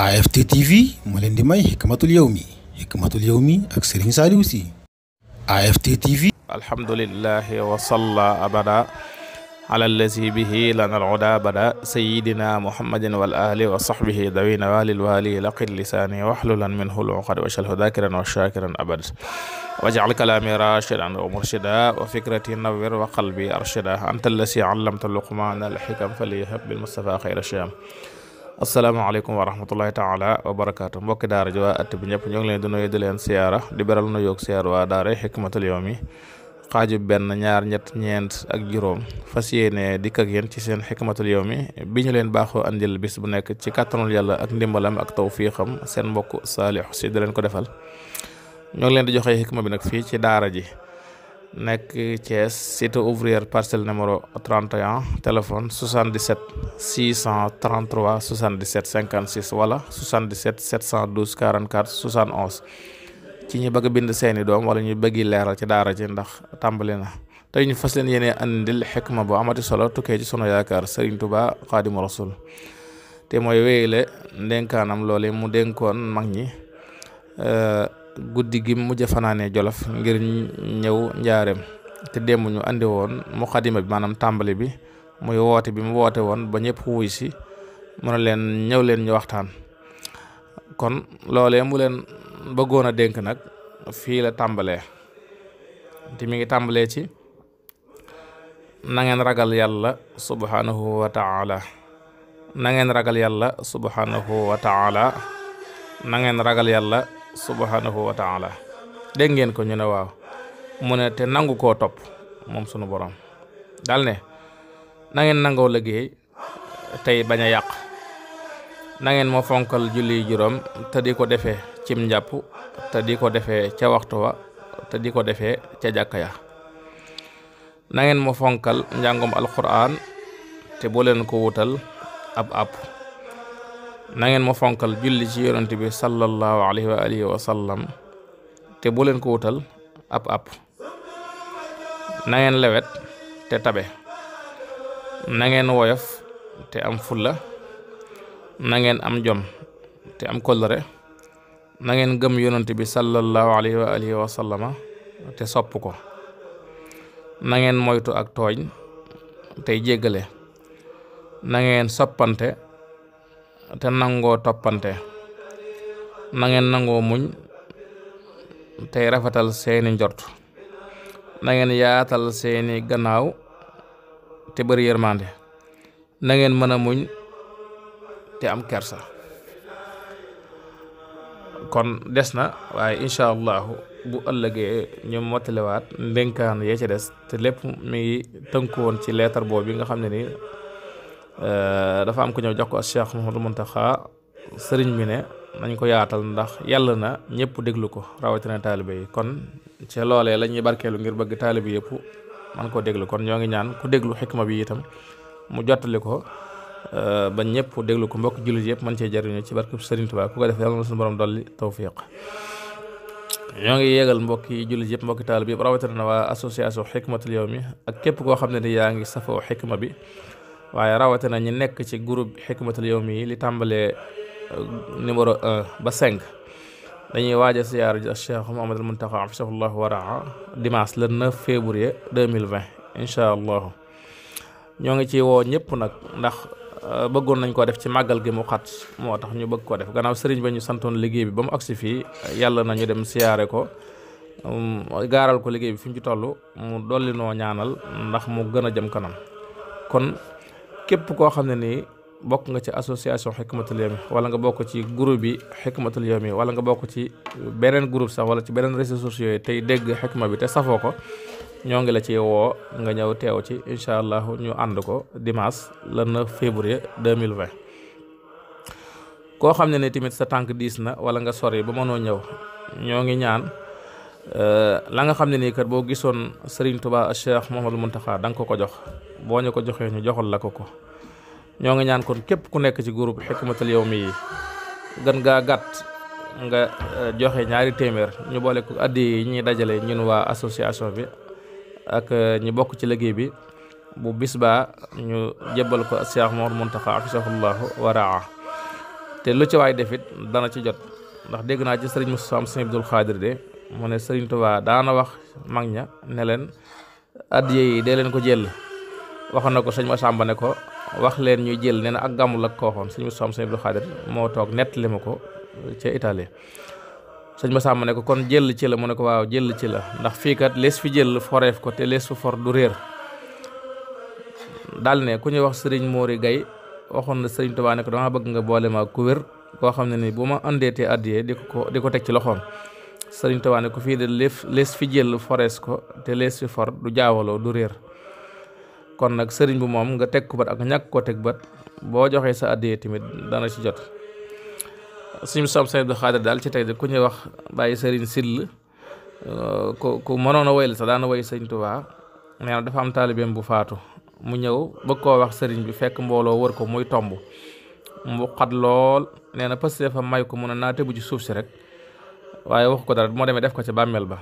AFT TV moo leen di may Hikmatul Yawmi Hikmatul Yawmi ak Serigne Saliou Sy AFT TV alhamdulillahi wa salla abada ala allazi bihi lana al-huda bada sayyidina muhammadin wal ahli wa sahbihi dawina walil wali laqil lisani wahlulan minhu al-uqad wa shalhu dhakiran wa shakiran abad waj'al kalami rashidan wa murshida wa fikrati nawwir wa qalbi arshida anta allazi 'allamta luqmana al-hikam falihab bil mustafa khayra sham asalaamaaleykum wa rahmatullahi taala wa barakaatu mbokki daara ji waa at bi ñëpp ñoo ngi leen di nuyu di leen siyaara di beral nu yoog siyaar waa daara xikmatul yawmi xaaju benn ñaar ñett ñeent ak juróom fas yéene dikk ak yéen ci seen xikmatul yawmi bi ñu leen baaxoo andil bis bu nekk ci kàttanul yàlla ak ndimbalam ak tawfiixam seen mbokk saalix si di leen ko defal ñoo ngi leen di joxe xikma bi nag fii ci daara ji nekk Thiès cité ouvrière parcelle numéro 31 téléphone 77 633 77 56 wala 77 712 44 71 ci ñu bëgg bind seeni doom wala ñu bëggi leeral ci daara ji ndax tàmbali na te ñu fas leen yéene andil ma bu amati solo tukkee ci sunu yaakaar Serigne Touba Xaadimu Rasul te mooy wéyale ndénkaanam loole mu dénkoon mag ñi euh, guddi gi mujj fanaanee jolof ngir ñëw njaareem te démb ñu andi woon muqadima bi maanaam tàmbali bi muy woote bi mu woote woon ba ñëpp wuy si mu ne leen ñëw leen ñu waxtaan kon loolee mu leen bëggoon a dénk nag fii la tàmbalee te mi ngi tàmbalee ci na ngeen ragal yàlla subhanahu wa ta'ala na ngeen ragal yàlla subhanahu wa ta'ala na ngeen ragal yàlla subhanahu wa taala dégg ngeen ko ñu ne waaw mu ne te nangu koo topp moom sunu borom daal ne na ngeen nangoo liggéey tey bañ a yàq na ngeen fonkal julli juróom te di ko defee cim njàpp te di ko defee ca waxtu wa te di ko defee ca jàkka ya nangeen mo ma fonkal njàngum alquran te bu ko wutal ab ab na ngeen ma fonkal julli ci yonent bi sallallahu alayhi wa alihi wa sallam te bu leen ko wutal ab ab na ngeen lewet te tabe na ngeen woyof te am fulla na ngeen am jom te am kóllëre na ngeen gëm yonent bi sallallahu alayhi wa alihi wa sallama te sopp ko na ngeen moytu ak tooñ tey jéggale na soppante te nangoo toppante nangeen ngeen nangoo muñ tey rafetal seeni njort nangeen yaatal seeni gannaaw te bëri yërmande na ngeen mën a muñ te am kersa kon des na waaye incha allahu bu ëllëgee ñu mottaliwaat ndénkaan yee ci des te lépp mi ngi tënku woon ci leetar boobu bi nga xam ne nii Euh, dafa am ko ñëw jox ko Cheikh Mouhamadou Mountakha sëriñ bi ne nañ ko yaatal ndax yàlla na ñëpp déglu ko rawatina taalibe yi kon ci loolee la ñuy barkeelu ngir bëgg taalibe yëpp man koo déglu kon ñoo ngi ñaan ku déglu xikma bi itam mu jottali ko euh, ba ñëpp déglu ko mbokk jullit yëpp mën cee jariñu ci barkeb Sëriñ Tuubaa ku ko def yàlla na suñu borom dolli tawfiq ñoo ngi yéegal mbokki jullit yëpp mbokki taalibe yëpp rawatina na waa association xikmatul mi ak képp koo xam ne ni yaa ngi safoo ma bi waaye rawatina ñi nekk ci groupe xikmatul yawmi yi li tàmbalee euh, numéro 1 ba 5 dañuy waaj a siyaar ji Cheikh Mouhamadul Muntaqa afisahullahu waraa dimanche le 9 février 2020 incha allahu ñoo ngi ci woo ñëpp nag ndax euh, bëggoon nañ ko def ci màggal gi mu xat moo tax ñu bëgg ko def gannaaw sëriñ ba ñu santoon liggéey bi ba mu agsi fii yàlla na dem siyaare ko gaaral ko liggéey bi fi mu ci toll mu dolli noo ñaanal ndax mu gën a jëm kanam kon képp koo xam ne nii bokk nga ci association xikmatul yawmi wala nga bokk ci groupe bi xikmatul yawmi wala nga bokk ci beneen groupe sax wala ci beneen réseaux sociaux yi tey dégg xikma bi te safoo ko ñoo ngi la ci woo nga ñëw teew ci incha allah ñu ànd ko dimaas le 9 février 2020 koo xam ne ni tamit sa tànk diis na wala nga sori ba mënoo ñëw ñoo ngi ñaan Euh, la nga xam ne nii kat boo gisoon Serigne tubaa Cheikh Mouhamadou Mountakha da nga ko ko jox boo ñu ko joxee ñu joxal la ko ko ñoo ngi ñaan kon képp ku nekk ci groupe Hikmatul Yawmi yi gën gaa gàtt nga euh, joxe ñaari téeméer ñu boole ko addi yi ñuy dajale ñun waa association bi ak euh, ñi bokk ci liggéey bi bu bis baa ñu jébbal ko Cheikh Mouhamadou Mountakha afisahullahu wa raa te lu ci waay defit dana ci jot ndax dégg naa ci Serigne Moussa Sëñ Abdul Xaadir de mu ne Sëriñ Tuubaa daana wax mag ña ne leen addiya yi dee leen ko jël waxoon na ko sëñ Masamba ne ko wax leen ñuy jël nee ak gàmmul ak kooxoon sëñ Masamba sëñ moo toog nettali ma ko ca Italie sëñ Masamba ne ko kon jël ci la mu ne ko waaw jël ci la ndax fii kat fi jël foreef ko te lees fu du réer daal ne ku ñuy wax sëriñ Mori Gay waxoon na sëriñ Tuubaa ne ko dama bëgg nga boole ma ku wér koo xam ne ni bu ma andee te di ko di ko teg ci loxoom sëriñ Tuubaa ne ko fii de léef lees fi jël fores ko te lees fi for du jaawaloo du réer kon nag sëriñ bu moom nga teg ko bat ak ñàkk koo teg bat boo joxee sa addiyee tamit dana ci jot suñu soom sëriñ Abdu Xaadir daal ci tey de ku ñuy wax bàyyi sëriñ sill euh, ku ku mënoon a woy la sax daana woy sëriñ Tuubaa nee dafa am taalibeem bu faatu mu ñëw bëgg koo wax sëriñ bi fekk mbooloo wër ko muy tomb mu lool nee na parce que dafa may ko mun a naa tëbu ci suuf si rek waaye waxu ko dara moo demee def ko ci bàmmeel ba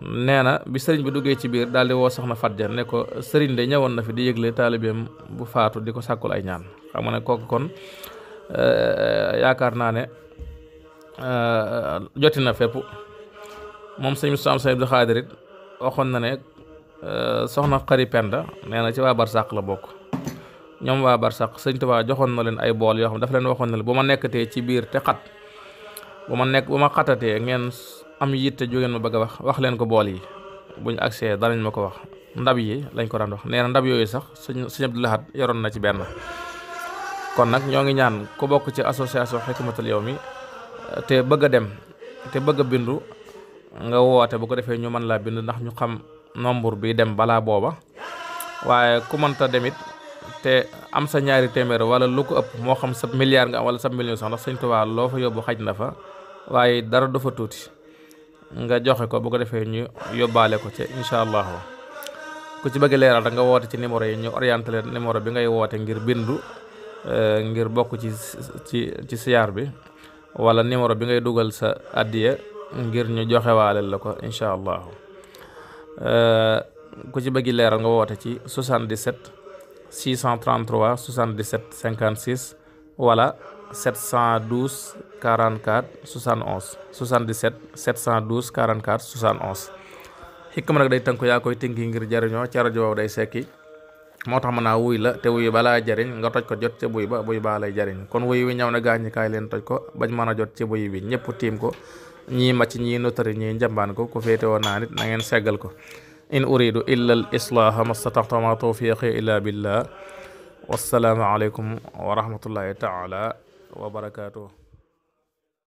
nee na bi sëriñ bi duggee ci biir daal di woo soxna Fatja ne ko sëriñ de ñëwoon na fi di yëgle taalibeem bu faatu di ko sàkkul ay ñaan xam nga ne kooku kon eh, yaakaar naa ne eh, joti na fépp moom sëñ Moussa Amsa Abdou Khadir it waxoon na ne eh, soxna Xari Penda nee na ci waa Barsàq la bokk ñoom waa Barsàq sëñ waa joxoon na leen ay bool yoo xam dafa leen waxoon ne bu ma nekkatee ci biir te xat. bu ma nekk bu ma xatatee ngeen am te jógeen ma bëgg a wax wax leen ko bool yi buñ agsee danañ ma ko wax ndab yi lañ ko daan wax nee na ndab yooyu sax sëñ sëñ Abdou Lahad yoroon na ci benn kon nag ñoo ngi ñaan ku bokk ci association Hikmatul mi te bëgg a dem te bëgg a bindu nga woote bu ko defee ñu mën laa bind ndax ñu xam nombre bi dem balaa booba waaye ku mënta demit te am sa ñaari téeméer wala lu ko ëpp moo xam sa milliard nga am wala sa million sax ndax sëñ Tuubaa loo fa yóbbu xaj na fa waaye dara du fa tuuti nga joxe ko bu ko defee ñu yóbbaale ko ci incha allahu ku ci bëgg leeral da nga woote ci numéro yi ñu orienté leen numéro bi ngay woote ngir bindu euh, ngir bokk ci ci ci siyaar bi wala numéro bi ngay dugal sa addiya ngir ñu joxewaale la ko incha allahu euh, ku ci bëgg leeral nga woote ci 77. 633 77 56 wala 712 44 71 77 712 44 71. xikma nag day tënku yaa koy tënki ngir jariñoo ca rajo day sekki moo tax mën naa wuy la te wuy balaa jariñ nga toj ko jot ci buy ba buy baa lay jariñ kon wuy wi ñëw na gaañi leen toj ko bañ mën a jot ci buy bi ñëpp tiim ko ñii mac ñii notari ñii njambaan ko ku féete woon naa na ngeen seggal ko in uridu illa al islaaha mastataxta ma tawfiqi illa billah wassalaamu aleykum wa rahmatullahi taala wa barakatuh